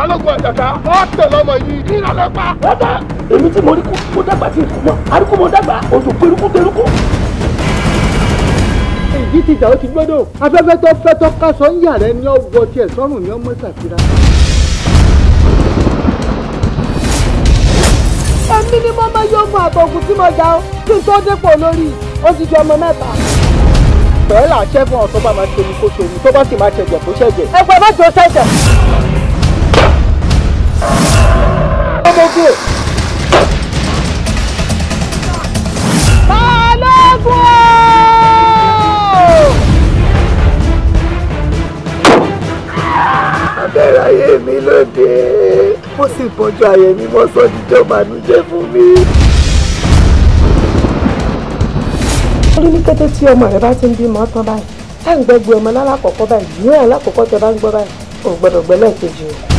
balógun àjàká wọ́n tẹ̀lé ọmọ yìí ní ìlànà pa. rárá èmi tí mo rí kú mo dàgbà sí ìkú mọ́ àríkú mo dàgbà òjò pérúkú tẹrúkú. èyí ti jà ó ti gbọ́dọ̀ afẹ́fẹ́ tó fẹ́ tó kásọ̀ ń yà rẹ ní ọgbọ tiẹ̀ sọ́run ní ọmọ ṣàkíra. èmi ni mo máa yọ ọmọ àbọ̀kùn tí mo dá ọ kí n tó dépò lórí ó ọmọ mẹ́ta ọ̀rẹ́ ṣẹ́fún ọ̀tọ́ bá máa ṣe ní kó ní tó bá sì máa ṣẹ̀jẹ̀ kó ṣẹ̀jẹ̀. ẹgbẹ́ má jọ ṣẹ̀jẹ̀. sókè. balógun o. abẹ́rẹ́ ayé mi lóde mo sì bọ́jú ayé mi mọ́ sọ́díjọ́ bànújẹ́ fún mi. orí ní kété tí ọmọ rẹ bá ti ń bímọ tán báyìí tá à ń gbẹ́gbẹ́ ọmọ lálàkọ́kọ́ báyìí ní ọ̀làkọ́kọ́ tẹ bá ń gbọ́ báyìí kò gbọ́dọ̀ gbẹ́lẹ̀ kejì o.